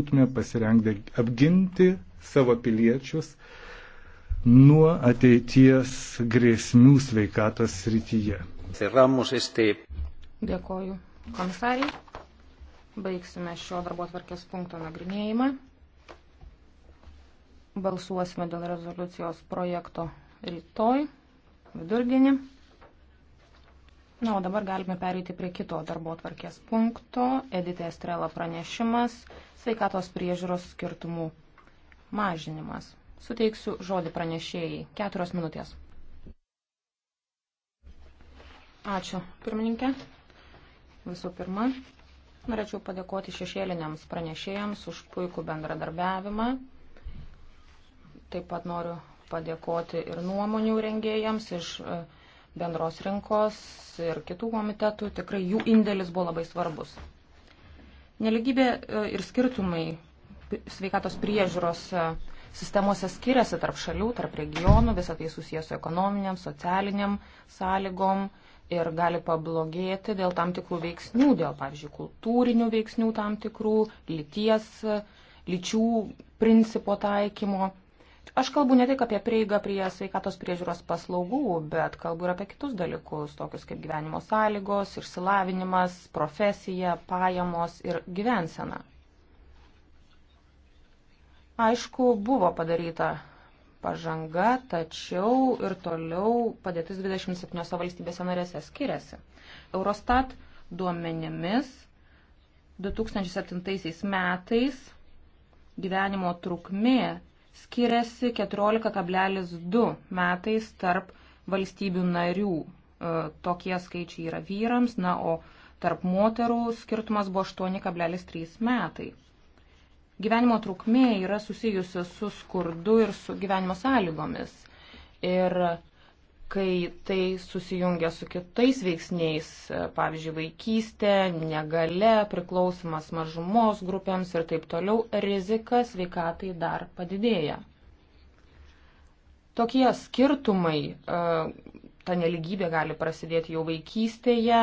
būtume pasirengę apginti savo piliečius nuo ateities grėsmių sveikatos srityje. Dėkoju komisariai. Baigsime šio darbo tvarkės punkto nagrinėjimą. Balsuosime dėl rezoliucijos projekto rytoj vidurdienį. Na, o dabar galime pereiti prie kito darbo tvarkės punkto. Edita Estrela pranešimas - sveikatos priežiūros skirtumų mažinimas. Suteiksiu žodį pranešėjai. Keturios minutės. Ačiū, pirmininkė. Visų pirma, norėčiau padėkoti šešėliniams pranešėjams už puikų bendradarbiavimą. Taip pat noriu padėkoti ir nuomonių rengėjams iš uh, bendros rinkos ir kitų komitetų, tikrai jų indėlis buvo labai svarbus. Neligybė e, ir skirtumai sveikatos priežiūros e, sistemose skiriasi tarp šalių, tarp regionų, visą tai susijęs su ekonominiam, socialiniam sąlygom ir gali pablogėti dėl tam tikrų veiksnių, dėl, pavyzdžiui, kultūrinių veiksnių tam tikrų, lyties, lyčių principo taikymo Aš kalbu ne tik apie prieigą prie sveikatos priežiūros paslaugų, bet kalbu ir apie kitus dalykus, tokius kaip gyvenimo sąlygos, išsilavinimas, profesija, pajamos ir gyvensena. Aišku, buvo padaryta pažanga, tačiau ir toliau padėtis 27 valstybėse narėse skiriasi. Eurostat duomenimis 2007 metais gyvenimo trukmė skiriasi 14,2 metais tarp valstybių narių. E, tokie skaičiai yra vyrams, na, o tarp moterų skirtumas buvo 8,3 metai. Gyvenimo trukmė yra susijusi su skurdu ir su gyvenimo sąlygomis. Ir kai tai susijungia su kitais veiksniais, e, pavyzdžiui, vaikystė, negale, priklausimas mažumos grupėms ir taip toliau, rizika sveikatai dar padidėja. Tokie skirtumai, e, ta neligybė gali prasidėti jau vaikystėje,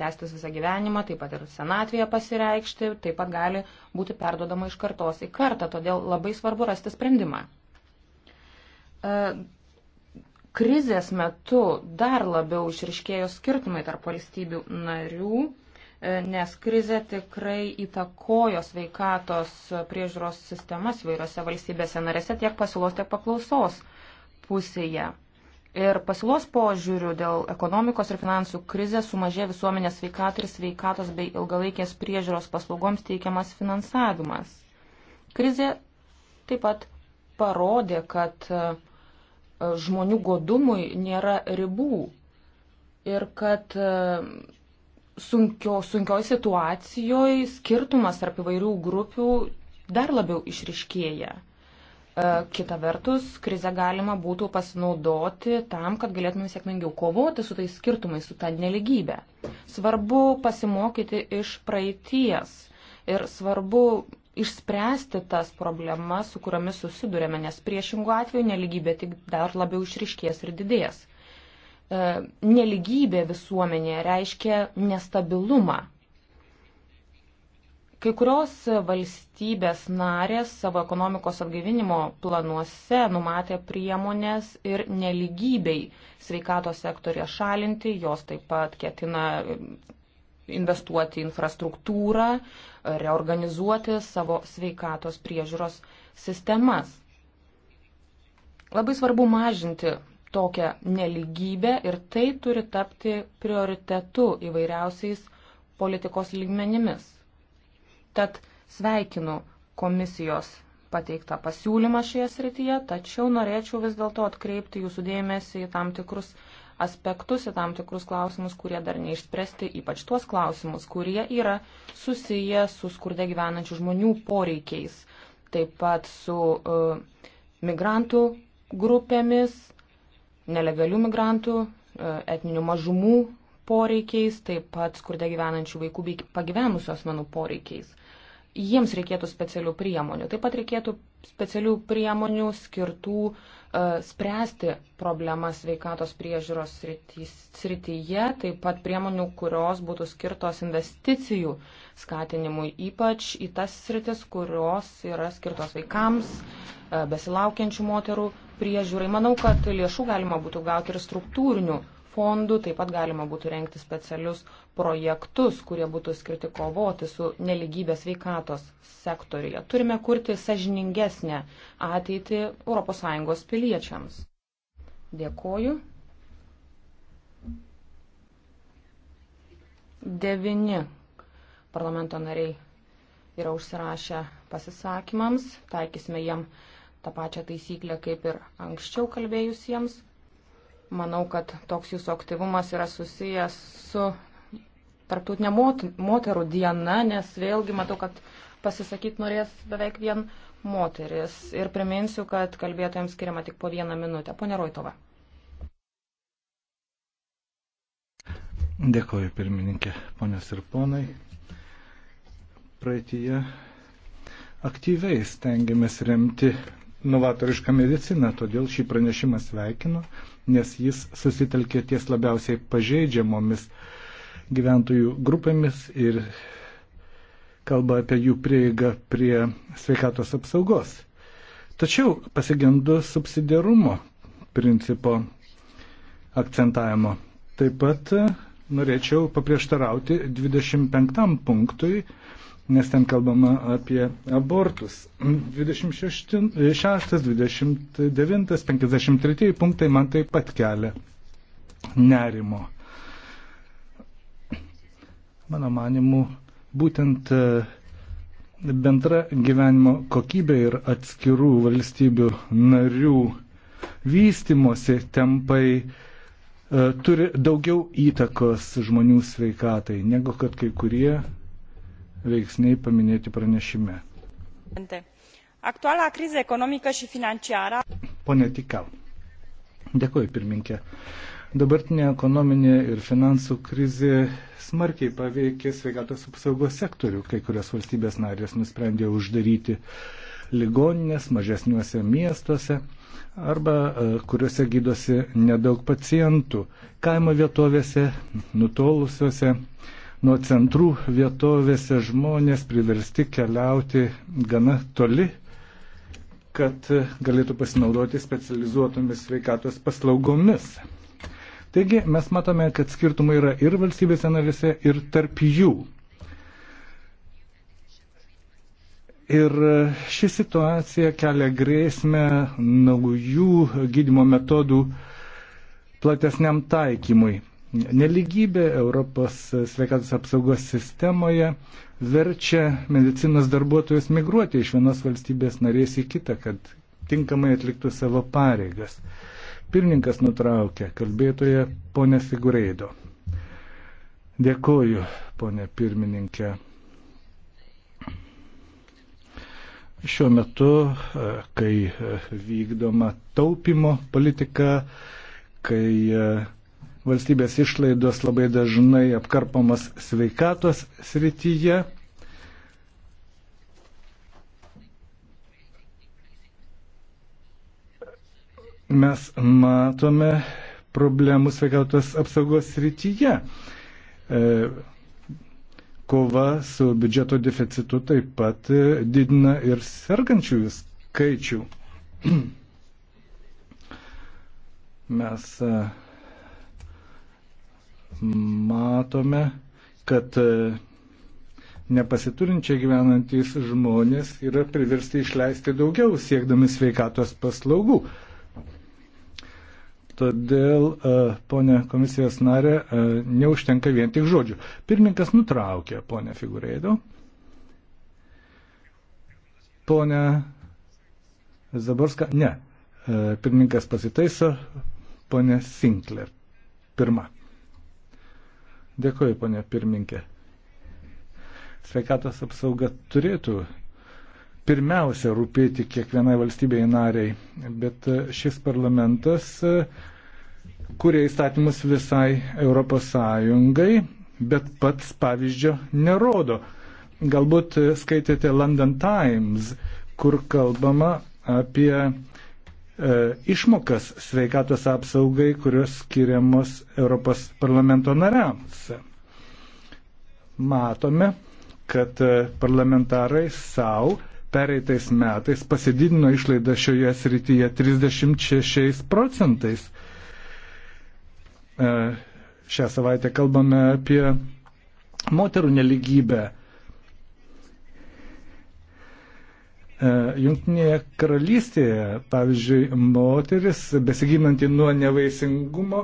tęstis visą gyvenimą, taip pat ir senatvėje pasireikšti, taip pat gali būti perdodama iš kartos į kartą, todėl labai svarbu rasti sprendimą e, Krizės metu dar labiau išriškėjo skirtumai tarp valstybių narių, e, nes krizė tikrai įtakojo sveikatos priežiūros sistemas vairiose valstybėse narėse tiek pasiūlos, tiek paklausos pusėje. Ir pasiūlos požiūrių dėl ekonomikos ir finansų krizės sumažė visuomenės sveikatai ir sveikatos bei ilgalaikės priežiūros paslaugoms teikiamas finansavimas. Krizė taip pat parodė, kad e, žmonių godumui nėra ribų ir kad e, sunkio, sunkioj situacijoje skirtumas tarp įvairių grupių dar labiau išriškėja. E, kita vertus, krizę galima būtų pasinaudoti tam, kad galėtume sėkmingiau kovoti su tais skirtumais, su tą neligybę. Svarbu pasimokyti iš praeities ir svarbu išspręsti tas problemas, su kuriomis susidurėme, nes priešingų atveju neligybė tik dar labiau išriškės ir didės. E, neligybė visuomenėje reiškia nestabilumą. Kai kurios valstybės narės savo ekonomikos atgaivinimo planuose numatė priemonės ir neligybei sveikatos sektorė šalinti, jos taip pat ketina investuoti į infrastruktūrą, reorganizuoti savo sveikatos priežiūros sistemas. Labai svarbu mažinti tokią neligybę ir tai turi tapti prioritetu įvairiausiais politikos lygmenimis. Tad sveikinu komisijos pateiktą pasiūlymą šioje srityje, tačiau norėčiau vis dėlto atkreipti jūsų dėmesį į tam tikrus aspektus į tam tikrus klausimus, kurie dar neišspręsti, ypač tuos klausimus, kurie yra susiję su skurde gyvenančių žmonių poreikiais, taip pat su uh, migrantų grupėmis, nelegalių migrantų, uh, etninių mažumų poreikiais, taip pat skurde gyvenančių vaikų bei pagyvenusios asmenų poreikiais. Uh, jiems reikėtų specialių priemonių. Taip pat reikėtų specialių priemonių skirtų uh, spręsti problemas sveikatos priežiūros srityje, taip pat priemonių, kurios būtų skirtos investicijų skatinimui, ypač į tas sritis, kurios yra skirtos vaikams, uh, besilaukiančių moterų priežiūrai. Manau, kad lėšų galima būtų gauti ir struktūrinių uh, fondų, taip pat galima būtų renkti specialius projektus, kurie būtų skirti kovoti su neligybės veikatos sektorija. Turime kurti sažiningesnę ateitį ES piliečiams. Dėkoju. Devini parlamento nariai yra užsirašę pasisakymams, taikysime jiem tą pačią taisyklę kaip ir anksčiau kalbėjusiems. Manau, kad toks jūsų aktyvumas yra susijęs su tarptautinė mot moterų diena, nes vėlgi matau, kad pasisakyti norės beveik vien moteris. Ir priminsiu, kad kalbėtojams skiriama tik po vieną minutę. Pone Roitova. Dėkoju, pirmininkė, ponios ir ponai. Praeitie aktyviai stengiamės remti novatorišką mediciną, todėl šį pranešimą sveikinu, nes jis susitelkė ties labiausiai pažeidžiamomis gyventojų grupėmis ir kalba apie jų prieigą prie sveikatos apsaugos. Tačiau pasigendu subsidiarumo principo akcentavimo. Taip pat norėčiau paprieštarauti 25 punktui, nes ten kalbama apie abortus. 26, 29, 53 punktai man taip pat kelia nerimo. Mano manimu, būtent e, bendra gyvenimo kokybė ir atskirų valstybių narių vystimosi tempai e, turi daugiau įtakos žmonių sveikatai, negu kad kai kurie veiksniai paminėti pranešime. Aktuala krizė ekonomika ir financiara. Pone Tikau. Dėkuoju, pirminkė. Dabartinė ekonominė ir finansų krizė smarkiai paveikė sveikatos apsaugos sektorių. Kai kurios valstybės narės nusprendė uždaryti ligoninės mažesniuose miestuose arba e, kuriuose gydosi nedaug pacientų. Kaimo vietovėse, nutolusiuose nuo centrų vietovėse žmonės priversti keliauti gana toli, kad galėtų pasinaudoti specializuotomis sveikatos paslaugomis. Taigi mes matome, kad skirtumai yra ir valstybėse narėse, ir tarp jų. Ir ši situacija kelia grėsmę naujų gydimo metodų platesniam taikymui. Neligybė Europos sveikatos apsaugos sistemoje verčia medicinos darbuotojus migruoti iš vienos valstybės narės į kitą, kad tinkamai atliktų savo pareigas. Pirmininkas nutraukė kalbėtoje ponę Figureido. Dėkoju, ponė pirmininkė. Šiuo metu, e, kai e, vykdoma taupimo politika, kai e, valstybės išlaidos labai dažnai apkarpamas sveikatos srityje. Mes matome problemų sveikatos apsaugos srityje. E, kova su biudžeto deficitu taip pat didina ir sergančiųjų skaičių. Mes uh, matome, kad e, nepasiturinčiai gyvenantys žmonės yra priversti išleisti daugiau siekdami sveikatos paslaugų. Todėl, e, ponė komisijos narė, e, neužtenka vien tik žodžių. Pirmininkas nutraukė ponę Figureido. Pone Zaborska, ne. Pirmininkas pasitaiso, ponė Sinkler. Pirma. Dėkuoju, ponė pirmininkė. Sveikatos apsauga turėtų pirmiausia rūpėti kiekvienai valstybei nariai, bet šis parlamentas e, kuria įstatymus visai ES, bet pats pavyzdžio nerodo. Galbūt skaitėte London Times, kur kalbama apie E, išmokas sveikatos apsaugai, kurios skiriamos Europos parlamento nariams. Matome, kad e, parlamentarai savo pereitais metais pasididino išlaidą šioje srityje 36 procentais. E, šią savaitę kalbame apie moterų neligybę E, Junktinėje karalystėje, pavyzdžiui, moteris besiginanti nuo nevaisingumo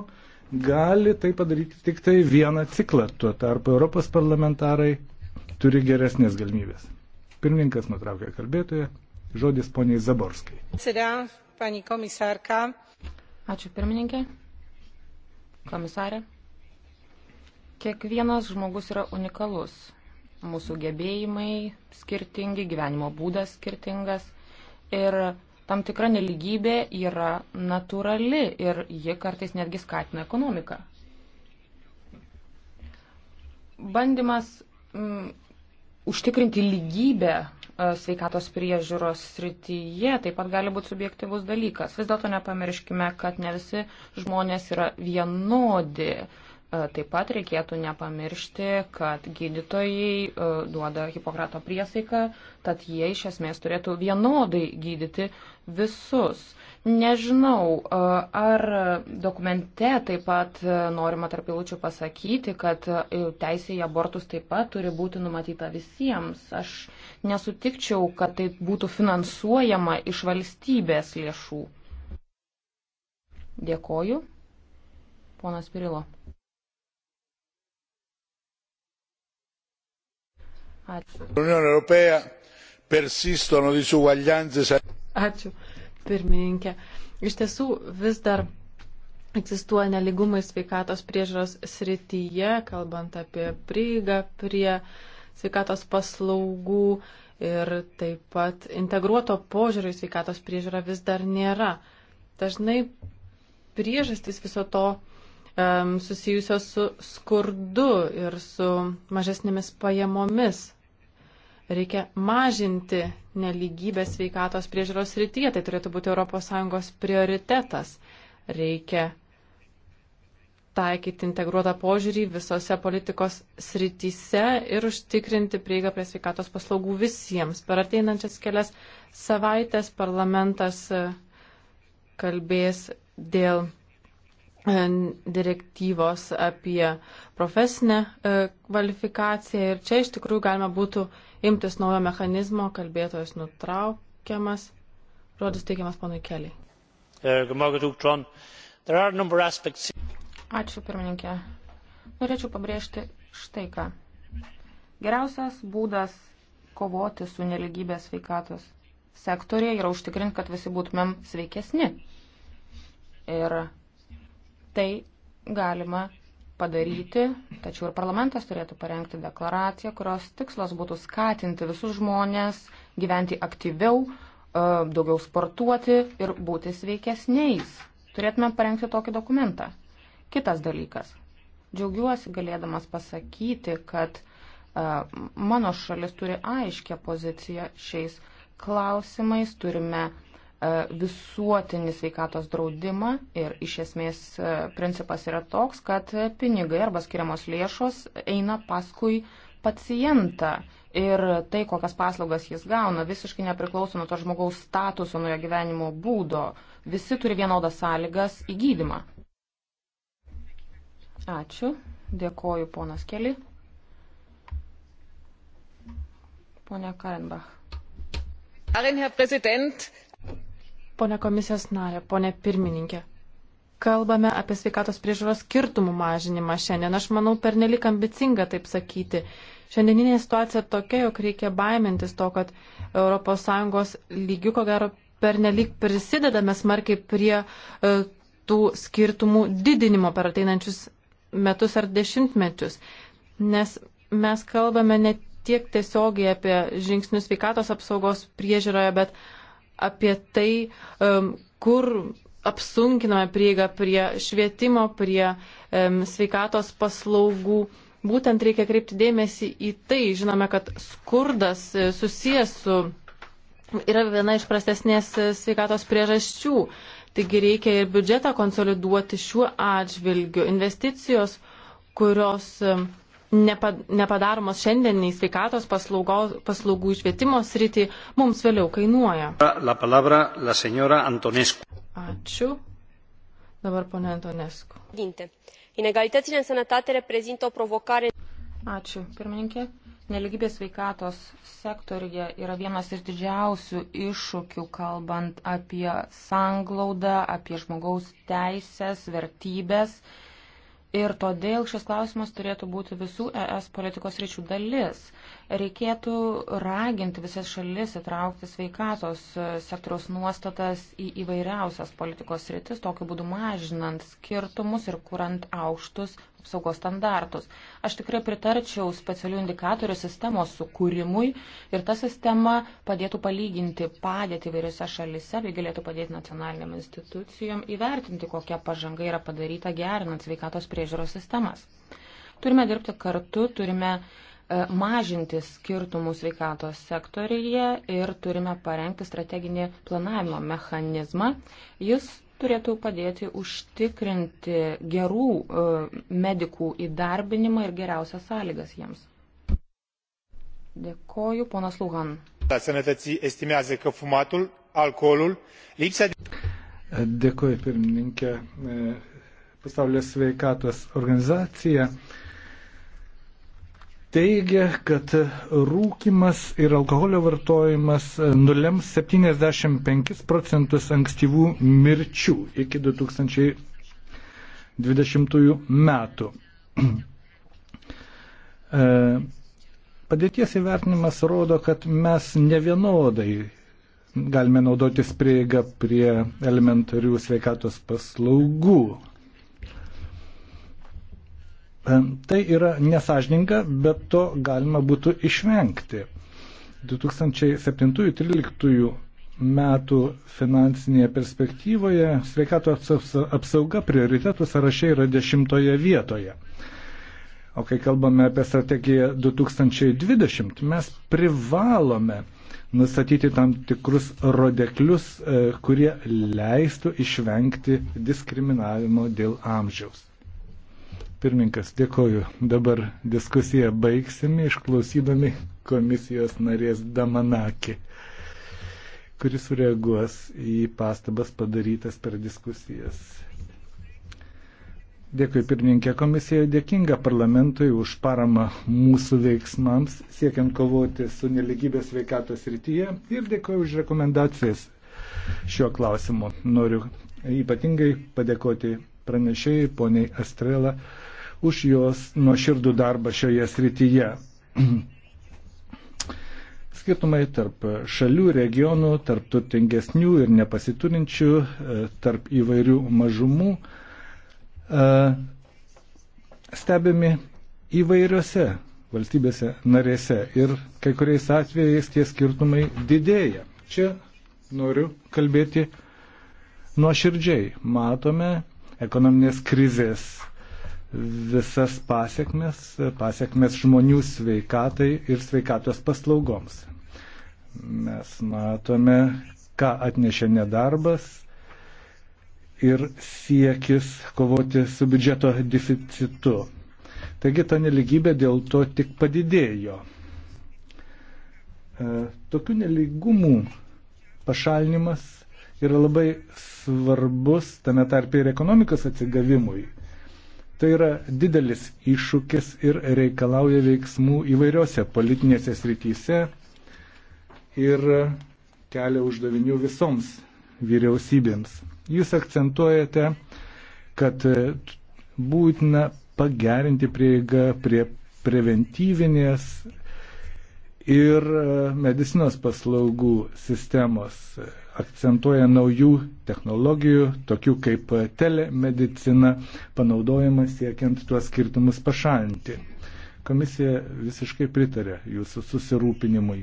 gali tai padaryti tik tai vieną ciklą. Tuo tarpu Europos parlamentarai turi geresnės galimybės. Pirmininkas nutraukė kalbėtoją. Žodis poniai Zaborskai. Ačiū pirmininkė. Komisarė. Kiekvienas žmogus yra unikalus mūsų gebėjimai skirtingi, gyvenimo būdas skirtingas ir tam tikra neligybė yra natūrali ir ji kartais netgi skatina ekonomiką. Bandymas m, mm, užtikrinti lygybę e, sveikatos priežiūros srityje taip pat gali būti subjektivus dalykas. Vis dėlto nepamirškime, kad ne visi žmonės yra vienodi. E, taip pat reikėtų nepamiršti, kad gydytojai e, duoda Hipokrato priesaiką, tad jie iš esmės turėtų vienodai gydyti visus. Nežinau, e, ar dokumente taip pat norima tarp eilučių pasakyti, kad teisė į abortus taip pat turi būti numatyta visiems. Aš nesutikčiau, kad tai būtų finansuojama iš valstybės lėšų. Dėkoju. Ponas Pirilo. Ačiū. Ačiū, pirmininkė. Iš tiesų vis dar egzistuoja neligumai sveikatos priežaros srityje, kalbant apie prieigą prie sveikatos paslaugų ir taip pat integruoto požiūrio į sveikatos priežiūrą vis dar nėra. Dažnai priežastys viso to um, susijusios su skurdu ir su mažesnėmis pajamomis reikia mažinti neligybę sveikatos priežiūros srityje. Tai turėtų būti ES prioritetas. Reikia taikyti integruotą požiūrį visose politikos srityse ir užtikrinti prieigą prie sveikatos paslaugų visiems. Per ateinančias kelias savaitės parlamentas e, kalbės dėl e, direktyvos apie profesinę e, kvalifikaciją ir čia iš tikrųjų galima būtų imtis naujo mechanizmo, kalbėtojas nutraukiamas, žodis teikiamas ponui Keliai. E, Ačiū pirmininkė. Norėčiau pabrėžti štai ką. Geriausias būdas kovoti su neligybė sveikatos sektorija yra užtikrinti, kad visi būtumėm sveikesni. Ir tai galima padaryti, tačiau ir parlamentas turėtų parengti deklaraciją, kurios tikslas būtų skatinti visus žmonės gyventi aktyviau, e, daugiau sportuoti ir būti sveikesniais. Turėtume parengti tokį dokumentą. Kitas dalykas. Džiaugiuosi galėdamas pasakyti, kad e, mano šalis turi aiškę poziciją šiais klausimais. Turime E, visuotinį sveikatos draudimą ir iš esmės e, principas yra toks, kad pinigai arba skiriamos lėšos eina paskui pacientą ir tai, kokias paslaugas jis gauna, visiškai nepriklauso nuo to žmogaus statuso, nuo jo gyvenimo būdo. Visi turi vienodas sąlygas į gydimą. Ačiū. Dėkoju, ponas Keli. Pone Karenbach. Herr Präsident, Pone komisijos narė, pone pirmininkė, kalbame apie sveikatos priežiūros skirtumų mažinimą šiandien. Aš manau, pernelik ambicinga taip sakyti. Šiandieninė situacija tokia, jog reikia baimintis to, kad ES lygių, ko gero, pernelik prisidedame smarkiai prie e, tų skirtumų didinimo per ateinančius metus ar dešimtmečius. Nes mes kalbame ne tiek tiesiogiai apie žingsnius sveikatos apsaugos priežiūroje, bet apie tai, kur apsunkiname prieigą prie švietimo, prie sveikatos paslaugų. Būtent reikia kreipti dėmesį į tai. Žinome, kad skurdas e, susijęs su. yra viena iš prastesnės e, sveikatos priežasčių. Taigi reikia ir biudžetą konsoliduoti šiuo atžvilgiu. Investicijos, kurios nepadaromos šiandien nei sveikatos paslaugos, paslaugų išvietimo srity mums vėliau kainuoja. La palabra, la Ačiū. Dabar ponė Antonescu. Inegalitățile în sănătate reprezintă o provocare. Ačiū, pirmininkė. Neligybė sveikatos sektorija yra vienas iš didžiausių iššūkių, kalbant apie sanglaudą, apie žmogaus teisės, vertybės Ir todėl šis klausimas turėtų būti visų ES politikos ryčių dalis. Reikėtų raginti visas šalis įtraukti sveikatos e, sektoriaus nuostatas į įvairiausias politikos rytis, tokiu būdu mažinant skirtumus ir kurant aukštus apsaugos standartus. Aš tikrai pritarčiau specialių indikatorių sistemos sukūrimui ir ta sistema padėtų palyginti padėtį įvairiose šalise bei galėtų padėti nacionaliniam institucijom įvertinti, kokia pažanga yra padaryta gerinant sveikatos priežiūros sistemas. Turime dirbti kartu, turime uh, E, mažinti skirtumus sveikatos sektoriuje ir turime parengti strateginį planavimo mechanizmą. Jis turėtų padėti užtikrinti gerų e, medikų įdarbinimą ir geriausias sąlygas jiems. Dėkoju, ponas Luhan. Dėkoju, pirmininkė. E, Pasaulio sveikatos organizacija teigia, kad rūkimas ir alkoholio vartojimas nulems 75 procentus ankstyvų mirčių iki 2020 metų. E, padėties įvertinimas rodo, kad mes nevienodai galime naudotis prieiga prie elementarių sveikatos paslaugų. Tai yra nesažininga, bet to galima būtų išvengti. 2007-2013 metų finansinėje perspektyvoje sveikato apsauga prioritetų sąraše yra dešimtoje vietoje. O kai kalbame apie strategiją 2020, mes privalome nustatyti tam tikrus rodiklius, e, kurie leistų išvengti diskriminavimo dėl amžiaus. Pirmininkas, dėkoju. Dabar diskusiją baigsime išklausydami komisijos narės Damanakį, kuris sureaguos į pastabas padarytas per diskusijas. Dėkui pirmininkė komisija, dėkinga parlamentui už paramą mūsų veiksmams, siekiant kovoti su neligybės veikatos rytyje ir dėkoju už rekomendacijas šiuo klausimu. Noriu ypatingai padėkoti pranešėjai, poniai Estrela už jos nuoširdų darbą šioje srityje. Skirtumai tarp šalių, regionų, tarp turtingesnių ir nepasiturinčių, e, tarp įvairių mažumų e, stebimi įvairiose valstybėse narėse ir kai kuriais atvejais tie skirtumai didėja. Čia noriu kalbėti nuoširdžiai. Matome ekonominės krizės visas pasiekmes, pasiekmes žmonių sveikatai ir sveikatos paslaugoms. Mes matome, ką atnešė nedarbas ir siekis kovoti su biudžeto deficitu. Taigi ta neligybė dėl to tik padidėjo. E, tokių neligumų pašalinimas yra labai svarbus tame tarpe ir ekonomikos atsigavimui Tai yra didelis iššūkis ir reikalauja veiksmų įvairiose politinėse srityse ir kelia uždavinių visoms vyriausybėms. Jūs akcentuojate, kad būtina pagerinti prieigą prie preventyvinės ir medicinos paslaugų sistemos akcentuoja naujų technologijų, tokių kaip telemedicina, panaudojimą siekiant tuos skirtumus pašalinti. Komisija visiškai pritarė jūsų susirūpinimui.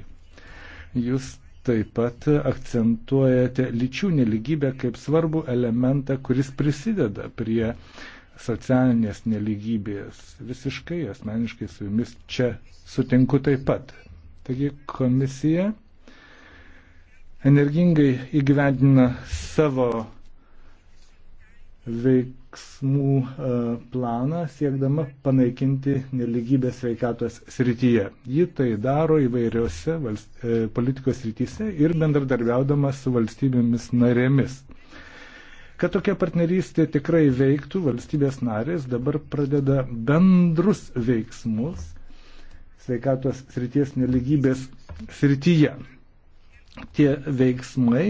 Jūs taip pat akcentuojate lyčių neligybę kaip svarbų elementą, kuris prisideda prie socialinės neligybės. Visiškai asmeniškai su jumis čia sutinku taip pat. Taigi komisija energingai įgyvendina savo veiksmų e, planą, siekdama panaikinti neligybę sveikatos srityje. Ji tai daro įvairiose valst... E, politikos srityse ir bendradarbiaudama su valstybėmis narėmis. Kad tokia partnerystė tikrai veiktų, valstybės narės dabar pradeda bendrus veiksmus sveikatos srities neligybės srityje tie veiksmai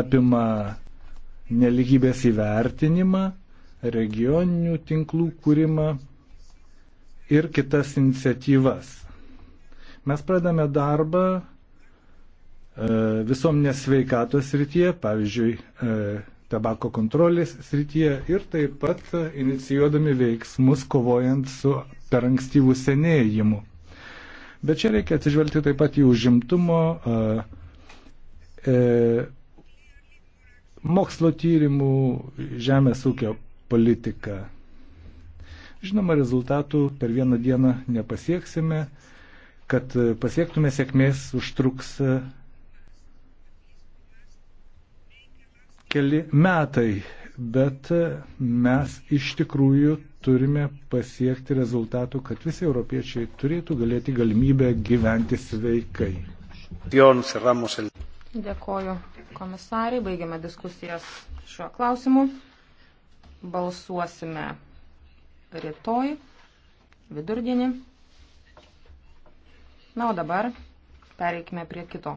apima neligybės įvertinimą, regioninių tinklų kūrimą ir kitas iniciatyvas. Mes pradame darbą e, visuomenės sveikatos srityje, pavyzdžiui, e, tabako kontrolės srityje ir taip pat inicijuodami veiksmus kovojant su per ankstyvų senėjimu. Bet čia reikia atsižvelgti taip pat į užimtumo, e, mokslo tyrimų, žemės ūkio politiką. Žinoma, rezultatų per vieną dieną nepasieksime, kad e, pasiektume sėkmės užtruks e, keli metai, bet e, mes iš tikrųjų turime pasiekti rezultatų, kad visi europiečiai turėtų galėti galimybę gyventi sveikai. Dėkoju komisarai, baigiame diskusijas šiuo klausimu. Balsuosime rytoj, vidurdienį. Na, o dabar pereikime prie kito